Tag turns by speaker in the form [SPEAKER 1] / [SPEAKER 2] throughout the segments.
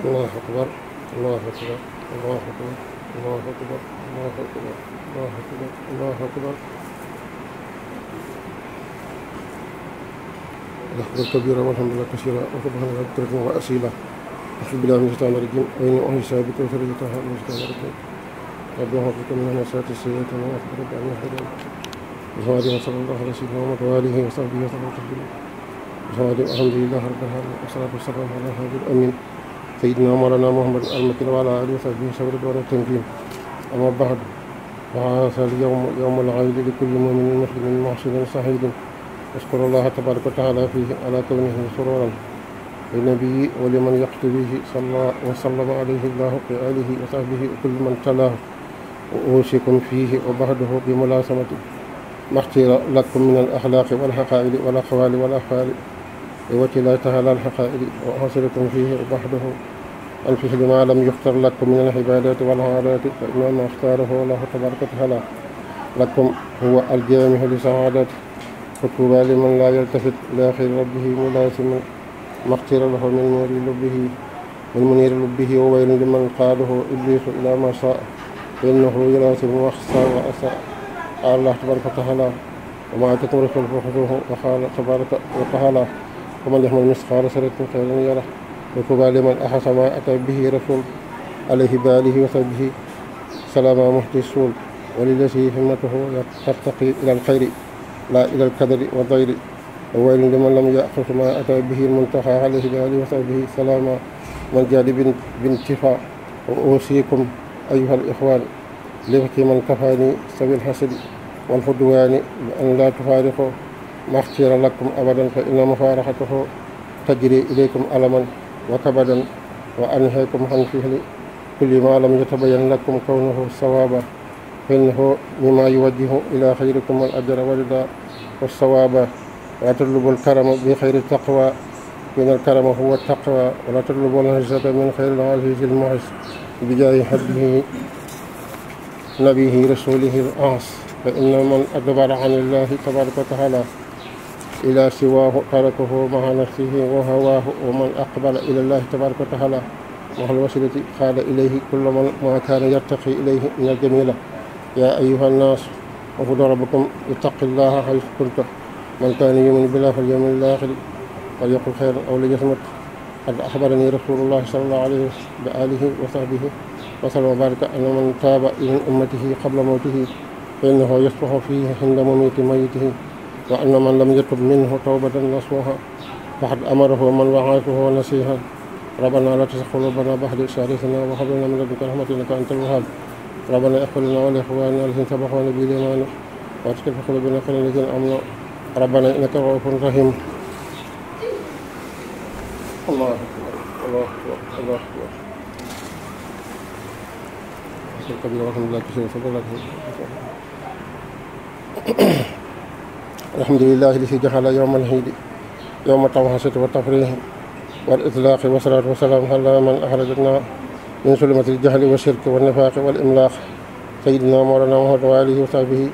[SPEAKER 1] الله أكبر الله أكبر الله أكبر الله أكبر الله أكبر الله أكبر الله أكبر الأكبر كبيرا والحمد لله كثيرا وسبحان الله بكرة وأسيلة أعوذ بالله من الشيطان الرجيم أين أهيسا بك وفرجتها من الشيطان الرجيم ربي أعوذ بك من المسات السيئة وما أكبر بأن يحرم بصلاة صلى الله على سيدنا محمد وآله وصحبه وسلم تسليما بصلاة الحمد لله رب العالمين والصلاة والسلام على هذا الأمين سيدنا مولانا محمد المكين وعلى آله وصحبه وسلم دون التمكين أما بعد وهذا اليوم يوم العيد لكل مؤمن مسلم محسن صحيح أشكر الله تبارك وتعالى فيه على كونه سرورا للنبي ولمن يقتديه صلى وسلم عليه الله وآله وصحبه وكل من تلاه وأوصيكم فيه وبعده بملازمة ما اختير لكم من الأخلاق والحقائد والأقوال والأفعال ووجه الله تعالى الحقائد وأوصيكم فيه وبعده أنفق بما لم يختر لكم من العبادات والعادات فإن ما اختاره الله تبارك وتعالى لكم هو الجامع لسعادات فطوبى لمن لا يلتفت إلى خير ربه ملازما ما اختير له من منير لبه من منير لبه وويل لمن قاده إبليس إلى ما شاء فإنه يلازم وأخصى وأساء قال الله تبارك وتعالى وما تترك الفحشه وقال تبارك وتعالى ومن يحمل مثقال سنة خيرا يره وطوبى لمن أحس ما أتى به رسول عليه بآله وصحبه سلام محدثون وللذي همته ترتقي إلى الخير لا إلى الكدر والضير وويل لمن لم يأخذ ما أتى به المنتهى عليه بآله وصحبه سلام من جالب بانتفاع وأوصيكم أيها الإخوان لبكي من كفاني سبيل الحسد والعدوان بأن لا تفارقوا ما اختير لكم أبدا فإن مفارقته تجري إليكم ألما وكبدا وأنهيكم عن فعل كل ما لم يتبين لكم كونه صوابا فإنه مما يوجه إلى خيركم الأجر والرضا والصواب وتطلب الكرم بخير التقوى من الكرم هو التقوى ولا تطلب العزة من خير العزيز المعز بجاه حبه نبيه رسوله الآس فإن من أدبر عن الله تبارك وتعالى إلى سواه تركه مع نفسه وهواه ومن أقبل إلى الله تبارك وتعالى مع الوسيلة قال إليه كل من ما كان يرتقي إليه من الجميلة يا أيها الناس وخذوا ربكم اتقوا الله حيث كنتم من كان يؤمن بالله واليوم الآخر وليقل خيرا أو ليصمت قد أخبرني رسول الله صلى الله عليه وآله وصحبه وسلم وبارك أن من تاب من أمته قبل موته فإنه يصبح فيه عند مميت ميته wa anna man lam yatub minhu tawbatan nasuha faqad amarahu man waatuhu nasiha rabbana la tuzigh qulubana ba'da idh hadaytana wa hab lana min ladunka rahmatan innaka antal wahhab rabbana ighfir lana wa li ikhwanina alladhina sabaquna bil iman wa la tuj'al fi qulubina ghillan lil ladzina amanu rabbana innaka ra'ufun rahim Allahu akbar Allahu akbar Allahu akbar الكبير رقم الله كثير فضلك alhamdulilahi li si jaxala yowmal xiidi yowma tawxasati wa tafrixi wal itlaaqi wasalaatu wasalaam ala man axrajatna min sulimatil jaxli wa shirki wa nifaaqi wal imlaaq sayidina mawlana muhammad wa alihi wa sahbihi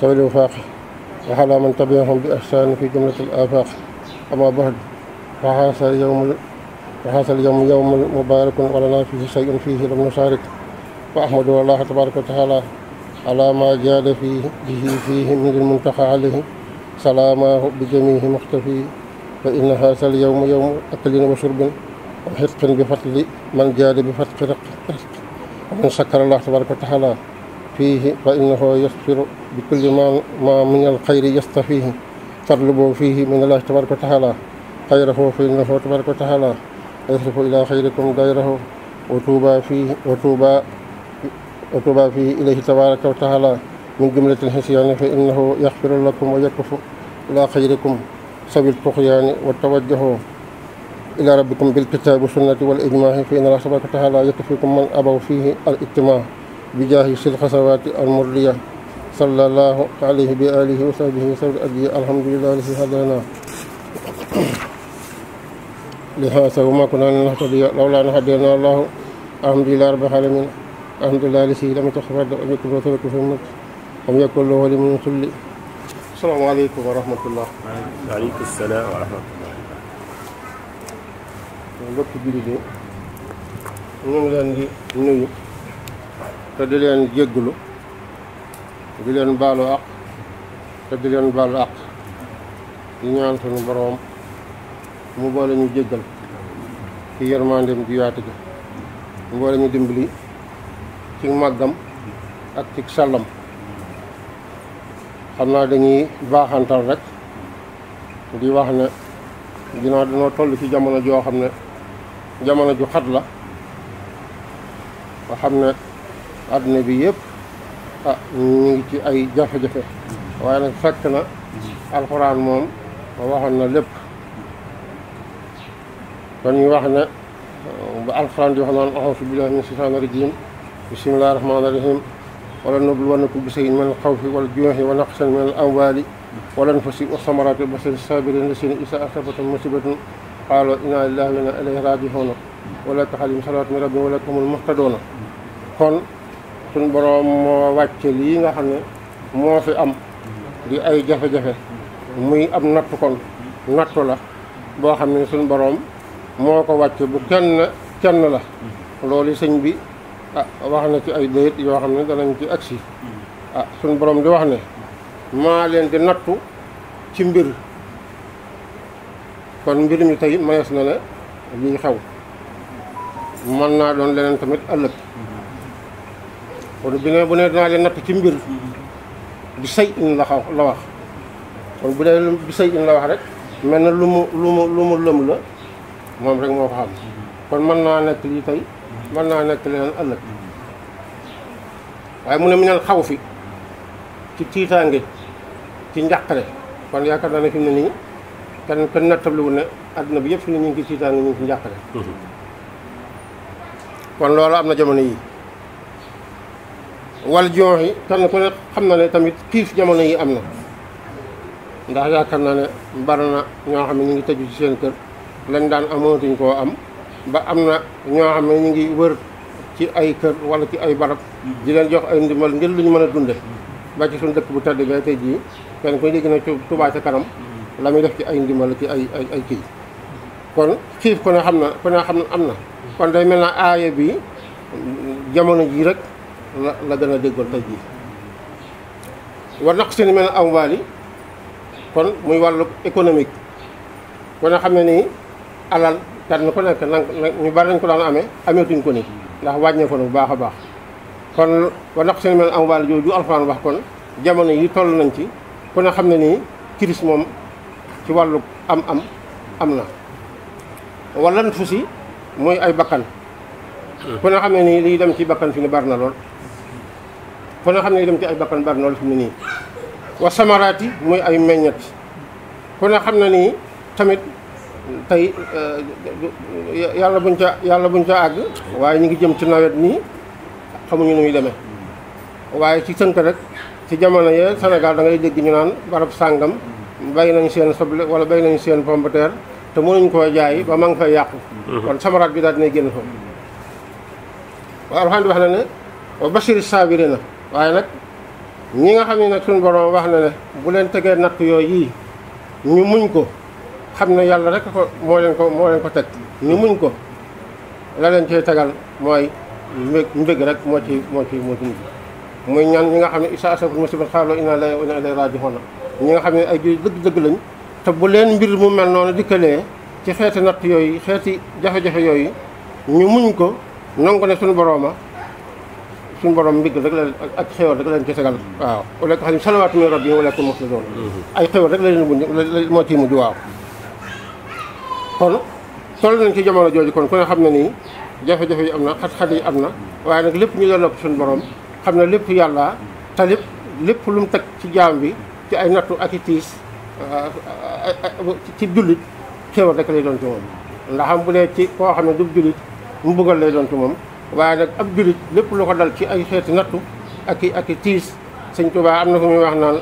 [SPEAKER 1] sawil wafaaqi wa ala man tabiahum bi ihsaani fi jumlatil afaaq ama baxd fa xaasal yowmul وهذا اليوم يوم مبارك ولنا فيه شيء فيه لم نشارك وأحمد الله تبارك وتعالى على ما جاد فيه به فيه من المنتقى عليه سلاماه بجميع مختفي فإن هذا اليوم يوم أكل وشرب وحق بفضل من جاد بفتق رق ومن شكر الله تبارك وتعالى فيه فإنه يسفر بكل ما, ما من الخير يستفيه تطلب فيه من الله تبارك وتعالى خيره فإنه تبارك وتعالى يصرف إلى خيركم غيره وتوبى فيه وتوبى وتوبى فيه إليه تبارك وتعالى من جملة الحسيان فإنه يغفر لكم ويكف إلى خيركم سبي الطغيان والتوجه إلى ربكم بالكتاب والسنة والإجماع فإن الله سبحانه وتعالى يكفيكم من أبوا فيه الاجتماع بجاه الخسوات المرية صلى الله عليه بآله وصحبه وسلم الحمد لله الذي هدانا لهذا وما كنا لنهتدي لولا أن هدينا الله الحمد لله رب العالمين الحمد لله الذي لم يتخفى ولم يكن له شريك في الملك am yakun lahu wali min xulli asalaamaaleykum wa rahmatullah waaleykum salaam wa rahmatullah mbokki jullit ñu ngi leen di nuyu te di leen jégglu di leen baalu àq te di leen baalu àq di ñaan sunu boroom mu boole ñu jéggal ci yërmandeem ju yaatu mu boole ñu dimbali ci màggam ak ci sàllam xam naa dañuy baaxantal rek di wax ne dina dañoo toll ci jamono joo xam ne jamono ju xat la nga xam ne àdduna bi yëpp ah ñu ngi ci ay jafe-jafe waaye nag fekk na alxuraan moom waxoon na lépp kon ñu wax ne ba alxuraan di wax naan auzu billahi mina shaytaani rajim bismillahi rahmaani rahim wala nabluwannakum bi shay'in min al-khawfi wal juu'i wa naqsin min al-amwaali wal anfusi wa thamaraati wa bashiri saabiriin llaziina izaa asaabathum musiibatun qaaluu innaa lillaahi wa innaa ilayhi raaji'uun ulaa'ika alayhim salawaatun min rabbihim wa ulaa'ika humul muhtaduun kon suñ boroom moo wàcce lii nga xam ne moo fi am di ay jafe-jafe muy am nattu kon nattu la boo xam ne suñ boroom moo ko wàcce bu kenn kenn la loolu sëñ bi ah wax na ci ay bayit yoo xam ne danañ ci agsi ah suñ borom di wax ne maa leen di nattu ci mbir kon mbir mi tey mayees na ne lii xew mën naa doon leneen tamit ëllëg kon bi ne bu ne dinaa leen natt ci mbir bi say in la xaw la wax kon bu dee bi say in la wax rek mel na lu mu lu mu lëm la moom rek moo ko xam kon mën naa nekk lii tey mën naa nekk leneen ëllëg waaye mu ne mi neen xaw fi ci tiitaange ci njàqare kon yaakaar naa ne fi mu ne nii kenn kenn nattabliwu ne adduna bi yëpp fi ne ñu ngi ci tiitaange ñu ngi ci njàqare kon loolu am na jamono yi wal joox yi kenn ku ne xam na ne tamit kiif jamono yi am na ndax yaakaar naa ne bari na ñoo xam ne ñu ngi tëju ci seen kër lañ daan amootuñ koo am ba am na ñoo xam ne ñu ngi wër ci ay kër wala ci ay barab di leen jox ay ndimbal ngir lu ñu mën a dunde ba ci suñu dëkk bu tedd bi tey jii kenn koy dégg na ci Touba ca kanam la muy def ci ay ndimbal ci ay ay ay kii kon xiif ku xam na ku ne xam am na kon day mel na aaya bi jamono jii rek la la gën a déggoon tey jii war naq seen mel na amwaali kon muy wàllu économique ku ne xam ne nii alal kenn ko nekk na ñu bari nañ ko daan amee ameetuñ ko ni ndax wàññee ko na bu baax baax kon wa naq seen mel am wàll jooju alxuraan wax kon jamono yi toll nañ ci ku ne xam ne nii crise moom ci wàllu am am am na walan fu si mooy ay bakkan ku ne xam ne nii lii dem ci bakkan fi ne bari na lool ku ne xam ne liy dem ci ay bakkan bari na lool fi mu ne nii wa samaraati mooy ay meññet ku ne xam ne nii tamit tey eh, yàlla buñ ca yàlla buñ ca àgg waaye ñu ngi jëm ci nawet nii xamuñu nu muy deme waaye ci tënk rek ci jamono yee Sénégal da ngay dégg ñu naan barab sàngam bàyyi nañ seen soble wala bay nañ seen pomme de terre te mënuñ koo jaay ba ma ngi fay yàqu mhm. kon samaraat bi daal dina génn foofu waaye alxam di wax na ne wa basiri saabiri na waaye nag ñi nga xam ne nag suñu borom wax na ne bu leen tegee natt yooyu yii ñu muñ ko xam ne yàlla rek ko moo leen ko ko teg ñu muñ ko la leen cee tagal mooy mbég mbég rek moo ci moo ci moo ci mujj muy ñaan ñi nga xam ne isa asabat si xaaloo inna lillahi wa inna ilayhi raaji'uun ñi nga xam ne ay jullit dëgg-dëgg lañ te bu leen mbir mu mel noonu dikkalee ci xeeti natt yooyu xeeti jafe-jafe yooyu ñu muñ ko nangu ne suñu borooma suñu borom mbig rek la ak xéwal rek la leen ci tegal waaw ulaa'ika alayhim salawaatun min rabbihim wa ulaa'ika mm-hmm. rek la leen mujj moo ciy mujj waaw kon toll nañ ci jamono jooju kon ku ne xam na nii jafe-jafe yi am na xat-xat yi am na waaye nag lépp ñu doon nopp suñu boroom xam ne lépp yàlla te lépp lépp lu mu teg ci jaam bi ci ay nattu ak i tiis euh, euh, ci jullit xéewal rek lay doon ci moom ndax am bu dee ci koo xam ne du jullit mu bëggal lay doon moom waaye nag ab jullit lépp lu dal ci ay xeeti nattu ak i ak sëñ Tuubaa na fu muy wax naan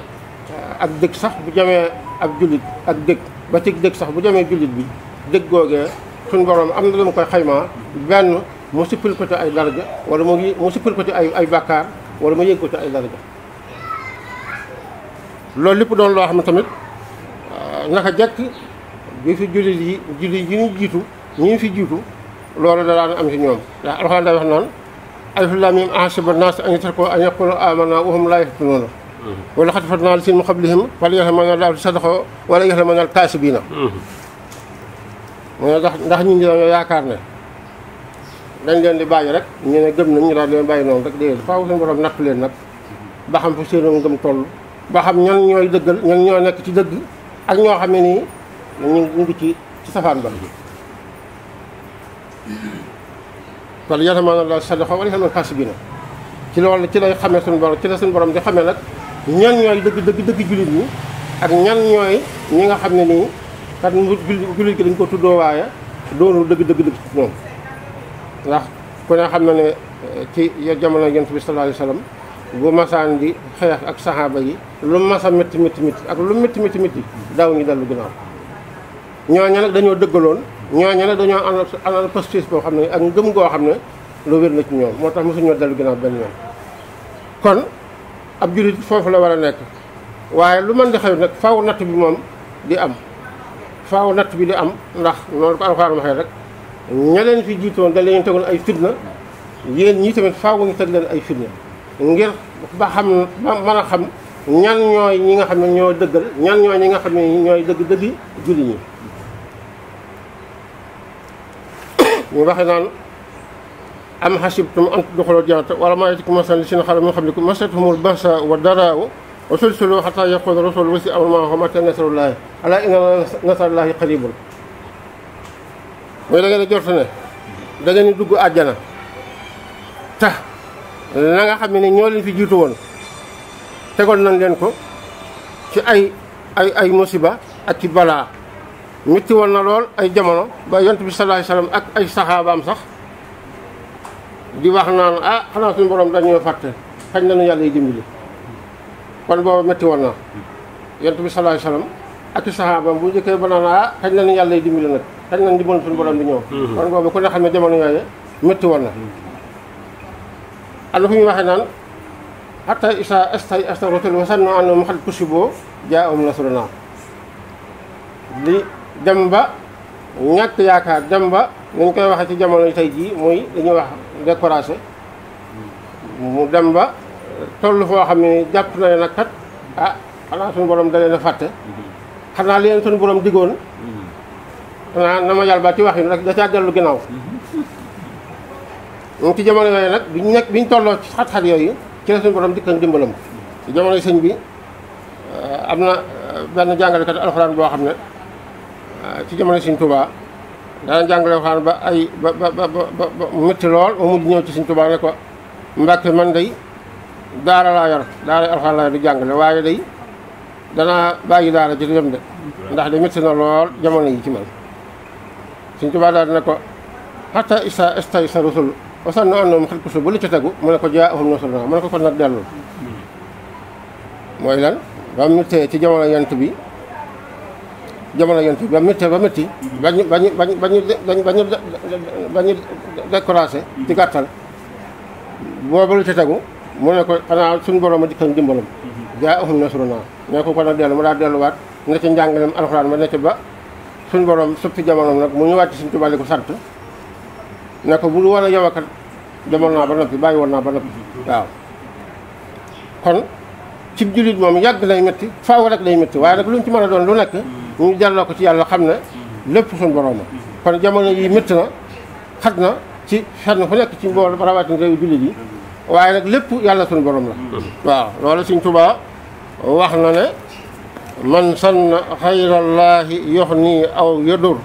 [SPEAKER 1] ak dëkk sax bu jamee ab jullit ak dëkk ba ci dëkk sax bu jamee jullit bi dëgg googee suñu borom am na lu mu koy xaymaa benn mu suppil ko ci ay daraja wala mu ngi ko ci ay ay bàkkaar wala mu yëg ko ci ay daraja loolu lépp doon loo xam ne tamit ah, naka jekk bi fi jullit yi jullit yi ñu jiitu ñi fi jiitu loolu daan am ci ñoom ndax alxuraan day wax naan alif laam miim ahasiba naas an yutrakoo an yaqulu aamannaa wa hum laa yaftanuun wala xat fatanaa la sin mu xablihim fala yaxlamanna llaahu sadaqoo wala yaxlamanna al kaasibiina mu ne ndax ndax ñun dañoo yaakaar ne dañ leen di bàyyi rek ñu ne gëm nañ ñu daal leen bàyyi noonu rek déedéet faaw suñu borom nattu leen nag ba xam fu seen ngëm toll ba xam ñan ñooy dëggal ñan ñoo nekk ci dëgg ak ñoo xam ne nii ñu ci ci safaan ba kon yatamanna la sadaqa wala yatamanna xaasibina ci loolu ci lay xamee suñu ci la suñu borom di xamee nag ñan ñooy dëgg dëgg dëgg jullit yi ak ñan ñooy ñi nga xam ne nii kat jullit gi dañ ko tuddoo waaye doonul dëgg dëgg dëgg moom ndax ku ne xam na ne eh, ci jamono yonent bi sallallahu alayhi wa sallam bu masaan di xeex ak saxaaba yi lu masa métti métti métti ak lu métti métti métti daaw ñu dellu ginnaaw ñooñu nag dañoo dëggaloon ñooñu nag dañoo am amal pastis boo xam ne ak ngëm goo xam ne lu wér na ci ñoom moo tax mosuñoo dellu ginnaaw benn yoon kon ab jullit foofu la war a nekk waaye lu man di xew nag faw natt bi moom di am faaw natt bi di am ndax noonu ko alxuraan waxee rek ña leen fi jiitoo da leen tegoon ay fitna yéen ñii tamit faaw ñu teg leen ay fitna ngir ba xam ba mën a xam ñan ñooy ñi nga xam ne ñoo dëggal ñan ñooy ñi nga xam ne ñooy dëgg dëggi julli ñi ñu waxe naan am xasibtum an tudxulul jannata wala maa yatikum masalan li seen xala moo xam ne ku masatuhumul basa wa daraaw وسلسلوا حتى يقول الرسول وسع الله متى نصر الله ألا إن نصر الله قريب mooy da ngeen a jort ne da ngeen dugg àjjana tax la xam ne ñoo leen fi jiitu woon tegoon nañ leen ko ci ay ay ay musiba ak ci balaa métti woon na lool ay jamono ba yont bi sallallahu alayhi wasallam ay saxaabaam sax di wax naan ah xanaa suñu borom dañoo fàtte xañ nañu yàlla yi dimbali kon booba métti woon na yonent bi sallallahu alayhi wasallam ak i ba naan ah xañ na ni yàlla yi dimbali nag xañ na ni dimbali suñu borom bi ñëw mhm. xam ne jamono yooyu métti woon na am na fu ñuy waxee naan xatta isa stay asta rotul wasan no andoona mu xat pusi boo jaa um nasruna li dem ba ñàkk yaakaar dem ba nañ koy waxee ci jamono tey jii mooy dañuy wax décoration mu dem ba toll foo xam ne jàpp na nag kat ah xanaa suñu borom da leen a fàtte xanaa leen suñu borom diggoon xanaa na ma yàlla ba ci wax yi rek da caa dellu ginnaaw ci jamono yooyu nag biñ nekk biñ tolloo ci xat-xat yooyu ci la suñu borom dikkan dimbalam ci jamono sëñ bi eh, am na eh, benn jàngalekat alxuraan boo xam ne eh, ci jamono sëñ Tuubaa dana jàngale alxuraan ba ay ba ba ba ba métti lool mu mujj ñëw ci sëñ Tuubaa ne ko Mbàkke man day daara laa yor daara alxuraan laa yor di jàngale waaye day danaa bàyyi daara ci dem de ndax de métti na lool jamono yi ci man suñ tubaa daal dina ko xata isa stay sa rusul wasan no andoom xel kusu bu li ci tegu mu ne ko jaa ahum nasul na mu ne ko kon nag dellul mooy lan ba méttee ci jamono yent bi jamono yent bi ba méttee ba métti bañu bañu bañ bañu bañu bañu découragé ci gàttal boobu li ci tegu mu ne ko xanaa suñu borom a dikkan dimbalam jaa ahum nasruna ne ko kon a dellu mu daa delluwaat ne ca njàngalem alxuraan ma ne ca ba suñu borom soppi jamonoom ko sant ne bu du war a yow akat demoon naa ba woon naa ba noppi waaw kon ci moom yàgg lay métti faaw rek lay métti waaye nag lu ci mën a doon lu nekk ñu delloo ko ci yàlla xam ne lépp suñu borom la kon jamono yi métti na xat na ci na fu nekk ci mbool rawatina réew jullit yi waaye nag lépp yàlla suñ borom la waaw loolu Sëriñ Tuubaa wax na ne man sanna xayrallaahi yox nii aw yadur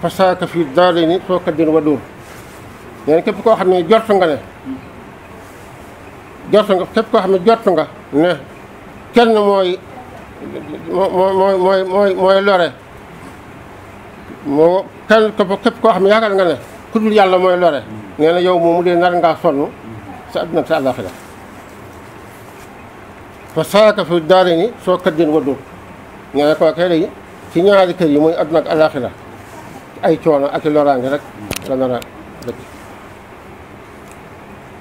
[SPEAKER 1] fasaaka fii daari ni soo kaddin wa dur leen képp koo xam ne jort nga ne jort nga képp koo xam ne jort nga ne kenn mooy mooy mooy mooy mooy lore moo kenn képp koo xam ne yaakaar nga ne ku yàlla mooy lore nee na yow moomu dee nar ngaa sonn sa àdduna sa àllaaxira fa saaka fi daare soo kat din waddul ñu ne koo kay ci ñaari kër yi muy àdduna ak àllaaxira ay coono ak i loraange rek la nar a dëkk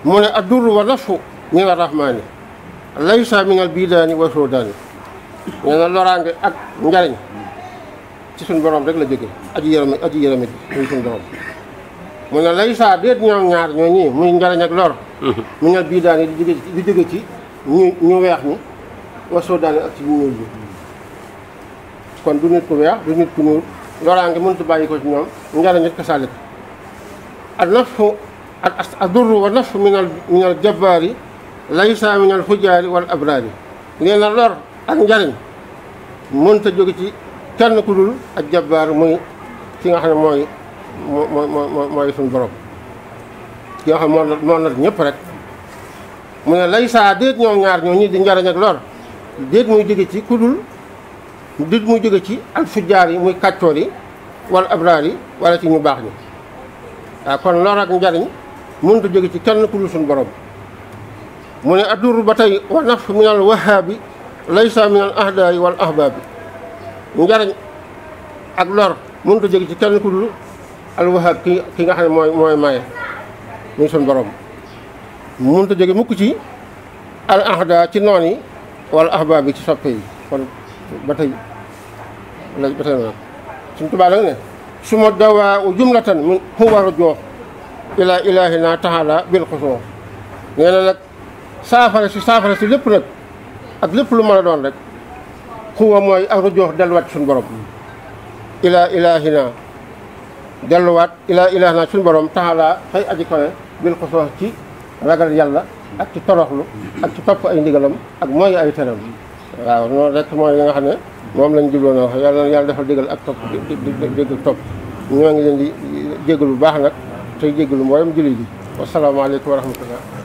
[SPEAKER 1] mu ne adduru wa nafu min arrahmaani laysa min al bidaani wa sudaani nee na loraange ak njariñ ci suñ borom rek la jóge aji yërëmi aji yërëmi bi muy suñ borom mu ne laysa déet ñoom ñaar ñoo ñii muy njariñ ak lor mu ne bii daane di jóge di jóge ci ñu ñu weex ñi wasoo daane ak ci ñu ñuul kon du nit ku weex du nit ku ñuul loraange mënut bàyyi ko ci ñoom njariñ it kasalik ak nafu ak adurru wa nafu minal minal jabbaari laysa minal fujaari wal abraari leen na lor ak njariñ mënut a jóge ci kenn ku dul ak jabbaar muy ki nga xam ne mooy mooy mooy mooy suñu borom yoo xam moo moo not ñëpp rek mu ne lay saa déet ñoom ñaar ñoo ñi di njariñ ak lor déet muy jóge ci kudul déet muy jóge ci alfujjaar yi muy kàccoor yi wala abraar yi wala ci ñu baax ñi waaw kon lor ak njariñ mënut jóge ci kenn kudul suñu borom mu ne addur ba tey wa naf min al wahaabi laysa min ahdaa yi wal ahbaabi njariñ ak lor mënut a jóge ci kenn kudul al wahaab ki ki nga xam ne mooy mooy maye ñun suñu borom mënut a jóge mukk ci al ahda ci noon yi wala ahbaab bi ci soppe yi kon ba tey la ba tey noonu suñ tubaa nag ne su ma dawaa u jumlatan min huwa rujoo ilaa ilaahina taala bil xusoo nee na nag saafara si saafara si lépp nag ak lépp lu ma a doon rek xuwa mooy ak rujoo delluwaat suñu borom ilaa ilaahina delluwaat ilaa ilaahina suñu borom taala xëy aji bil xusoos ci ragal yàlla ak ci toroxlu ak ci topp ay ndigalam ak mooy ay teram waaw noonu rek mooy li nga xam ne moom lañ jubloon a wax yàlla yàlla defal digal ak topp dégg topp ñoo ngi leen di jégalu bu baax nag tey jégalu mboolem jullit ji wasalaamaaleykum wa rahmatullah